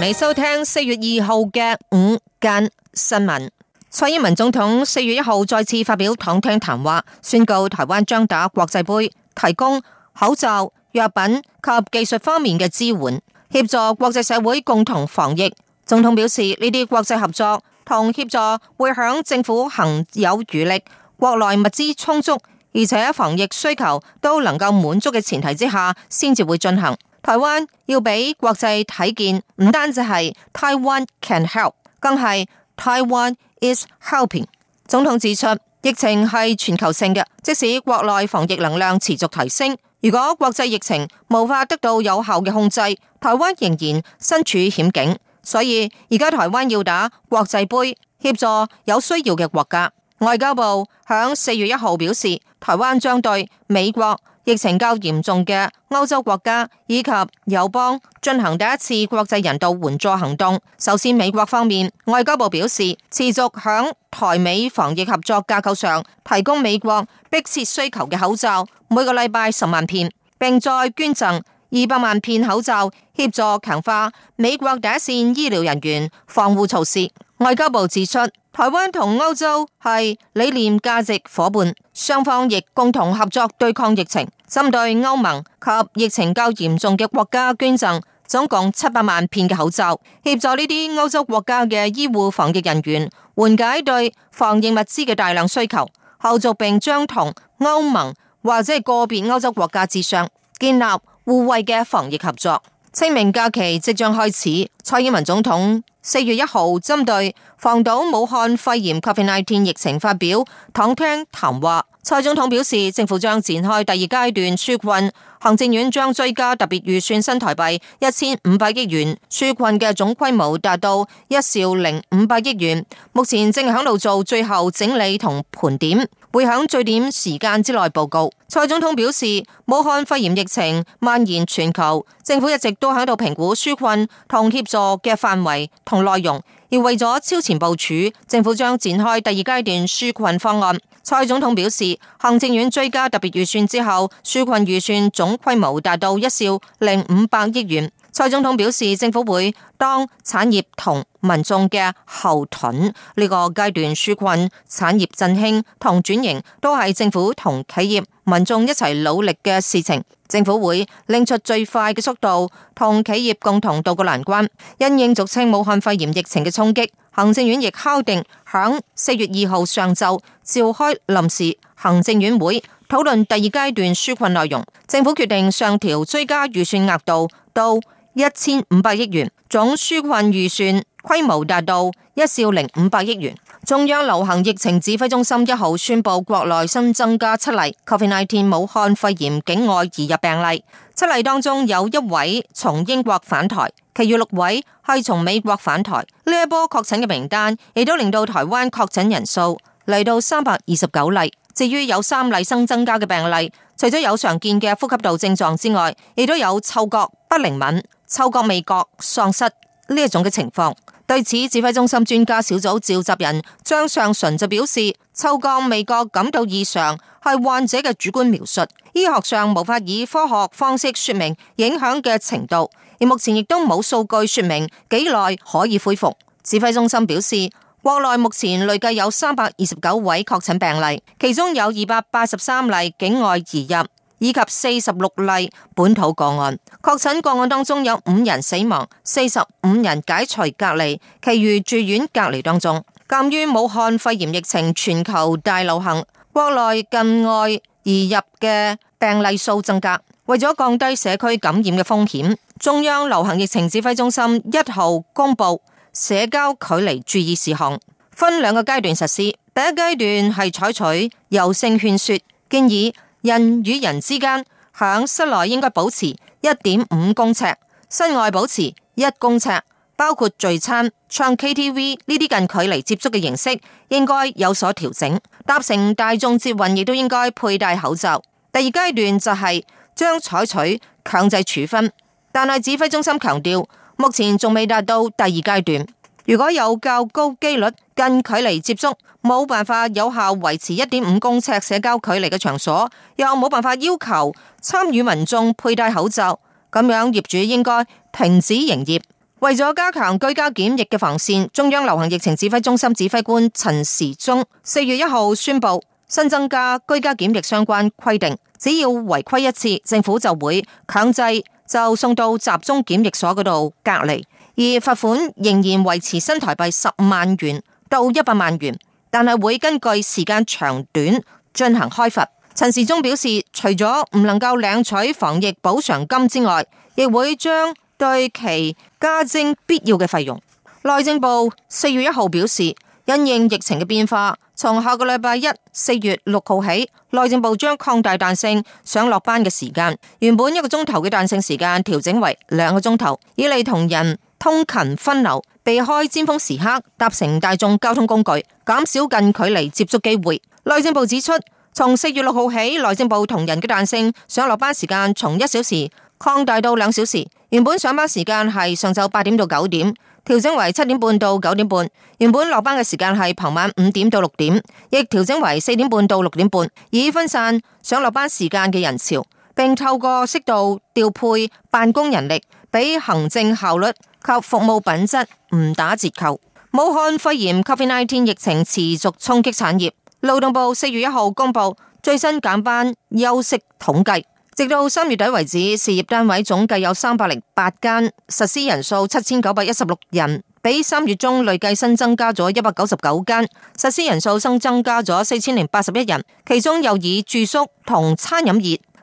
你收聽四月二號嘅午間新聞。蔡英文總統四月一號再次發表躺聽談話，宣告台灣將打國際盃，提供口罩、藥品及技術方面嘅支援，協助國際社會共同防疫。總統表示，呢啲國際合作同協助會響政府行有餘力、國內物資充足，而且防疫需求都能夠滿足嘅前提之下，先至會進行。台灣要俾國際睇見，唔單只係 Taiwan can help，更係 Taiwan is helping。總統指出，疫情係全球性嘅，即使國內防疫能量持續提升，如果國際疫情無法得到有效嘅控制，台灣仍然身處險境。所以而家台灣要打國際盃，協助有需要嘅國家。外交部響四月一號表示，台灣將對美國。疫情較嚴重嘅歐洲國家以及友邦進行第一次國際人道援助行動。首先，美國方面外交部表示，持續響台美防疫合作架構上提供美國迫切需求嘅口罩，每個禮拜十萬片，並再捐贈二百萬片口罩協助強化美國第一線醫療人員防護措施。外交部指出，台灣同歐洲係理念價值伙伴，雙方亦共同合作對抗疫情。針對歐盟及疫情較嚴重嘅國家捐贈總共七百萬片嘅口罩，協助呢啲歐洲國家嘅醫護防疫人員緩解對防疫物資嘅大量需求。後續並將同歐盟或者個別歐洲國家至上建立互惠嘅防疫合作。清明假期即將開始，蔡英文總統四月一號針對防堵武漢肺炎 （COVID-19） 疫情發表躺聽談話。蔡總統表示，政府將展開第二階段紓困。行政院將追加特別預算新台幣一千五百億元，紓困嘅總規模達到一兆零五百億元，目前正響度做最後整理同盤點，會響最短時間之內報告。蔡總統表示，武漢肺炎疫情蔓延全球，政府一直都喺度評估紓困同協助嘅範圍同內容。而為咗超前部署，政府將展開第二階段紓困方案。蔡總統表示，行政院追加特別預算之後，紓困預算總規模達到一兆零五百億元。蔡總統表示，政府會當產業同。民眾嘅後盾。呢個階段紓困、產業振興同轉型都係政府同企業、民眾一齊努力嘅事情。政府會拎出最快嘅速度同企業共同渡過難關。因應俗稱武漢肺炎疫情嘅衝擊，行政院亦敲定響四月二號上晝召開臨時行政院會，討論第二階段紓困內容。政府決定上調追加預算額度到一千五百億元，總紓困預算。規模達到一兆零五百億元。中央流行疫情指揮中心一號宣布，國內新增加七例 COVID-19 武漢肺炎境外移入病例。七例當中有一位從英國返台，其餘六位係從美國返台。呢一波確診嘅名單，亦都令到台灣確診人數嚟到三百二十九例。至於有三例新增加嘅病例，除咗有常見嘅呼吸道症狀之外，亦都有嗅覺不靈敏、嗅覺味覺喪失呢一種嘅情況。對此，指揮中心專家小組召集人張上淳就表示，嗅覺味覺感到異常，係患者嘅主觀描述，醫學上無法以科學方式說明影響嘅程度，而目前亦都冇數據說明幾耐可以恢復。指揮中心表示，國內目前累計有三百二十九位確診病例，其中有二百八十三例境外移入。以及四十六例本土個案，確診個案當中有五人死亡，四十五人解除隔離，其餘住院隔離當中。鑒於武漢肺炎疫情全球大流行，國內境外移入嘅病例數增加，為咗降低社區感染嘅風險，中央流行疫情指揮中心一號公布社交距離注意事項，分兩個階段實施。第一階段係採取柔性勸說，建議。人與人之間喺室內應該保持一點五公尺，室外保持一公尺，包括聚餐、唱 KTV 呢啲近距離接觸嘅形式應該有所調整。搭乘大眾捷運亦都應該佩戴口罩。第二階段就係將採取強制處分，但係指揮中心強調，目前仲未達到第二階段。如果有較高機率近距離接觸，冇辦法有效維持一點五公尺社交距離嘅場所，又冇辦法要求參與民眾佩戴口罩，咁樣業主應該停止營業。為咗加強居家檢疫嘅防線，中央流行疫情指揮中心指揮官陳時中四月一號宣布新增加居家檢疫相關規定，只要違規一次，政府就會強制就送到集中檢疫所嗰度隔離。而罰款仍然維持新台幣十萬元到一百萬元，但係會根據時間長短進行開罰。陳時中表示，除咗唔能夠領取防疫補償金之外，亦會將對其加徵必要嘅費用。內政部四月一號表示，因應疫情嘅變化，從下個禮拜一四月六號起，內政部將擴大彈性上落班嘅時間，原本一個鐘頭嘅彈性時間調整為兩個鐘頭，以利同仁，通勤分流，避開尖峰時刻，搭乘大眾交通工具，減少近距離接觸機會。內政部指出，從四月六號起，內政部同人嘅彈性上落班時間從一小時擴大到兩小時。原本上班時間係上晝八點到九點，調整為七點半到九點半；原本落班嘅時間係傍晚五點到六點，亦調整為四點半到六點半，以分散上落班時間嘅人潮，並透過適度調配辦公人力。俾行政效率及服務品質唔打折扣。武漢肺炎 Covid nineteen 疫情持續衝擊產業。勞動部四月一號公布最新減班休息統計，直到三月底為止，事業單位總計有三百零八間實施人數七千九百一十六人，比三月中累計新增加咗一百九十九間實施人數，新增加咗四千零八十一人，其中又以住宿同餐飲業、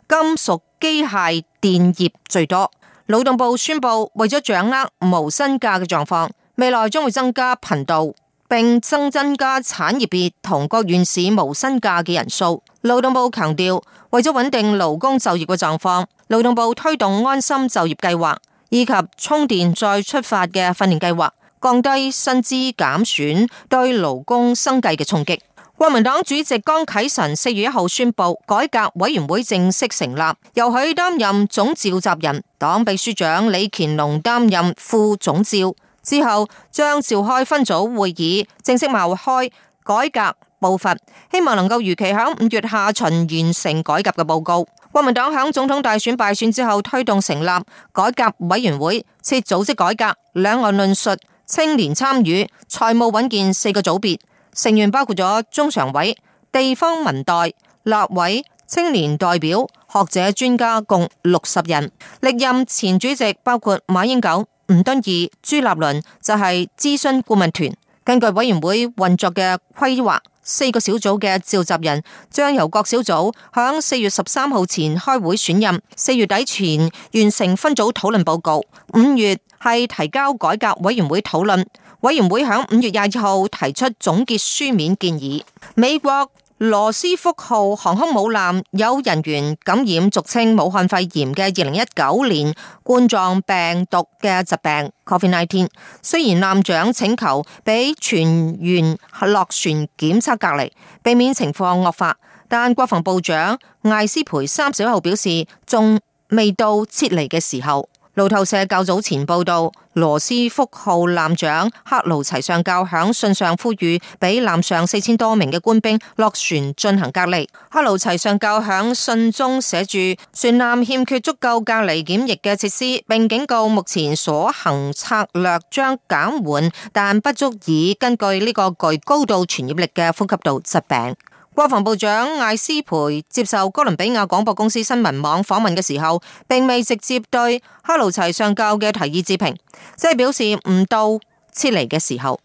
金屬機械電業最多。勞動部宣布，為咗掌握無薪假嘅狀況，未來將會增加頻道，並增增加產業別同各縣市無薪假嘅人數。勞動部強調，為咗穩定勞工就業嘅狀況，勞動部推動安心就業計劃，以及充電再出發嘅訓練計劃，降低薪資減損對勞工生計嘅衝擊。國民黨主席江啟臣四月一號宣布改革委員會正式成立，由佢擔任總召集人，黨秘書長李乾龍擔任副總召，之後將召開分組會議，正式謀開改革步伐，希望能夠如期響五月下旬完成改革嘅報告。國民黨響總統大選敗選之後，推動成立改革委員會，設組織改革、兩岸論述、青年參與、財務穩健四個組別。成員包括咗中常委、地方民代、立委、青年代表、學者專家，共六十人。歷任前主席包括馬英九、吳敦義、朱立倫，就係諮詢顧問團。根據委員會運作嘅規劃，四個小組嘅召集人將由各小組響四月十三號前開會選任，四月底前完成分組討論報告，五月係提交改革委員會討論。委員會喺五月廿二號提出總結書面建議。美國羅斯福號航空母艦有人員感染俗稱武漢肺炎嘅二零一九年冠狀病毒嘅疾病 （COVID-19）。19, 雖然艦長請求俾全員落船檢測隔離，避免情況惡化，但國防部長艾斯培三十號表示仲未到撤離嘅時候。路透社較早前報道，羅斯福號艦長克勞齊上校響信上呼籲，俾艦上四千多名嘅官兵落船進行隔離。克勞齊上校響信中寫住，船艦欠缺足夠隔離檢疫嘅設施，並警告目前所行策略將減緩，但不足以根據呢個具高度傳染力嘅呼吸道疾病。國防部長艾斯培接受哥倫比亞廣播公司新聞網訪問嘅時候，並未直接對哈魯齊上交嘅提議置評，即係表示唔到撤離嘅時候。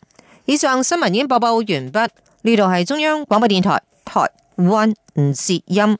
以上新聞已經播報完畢，呢度係中央廣播電台，台灣之音。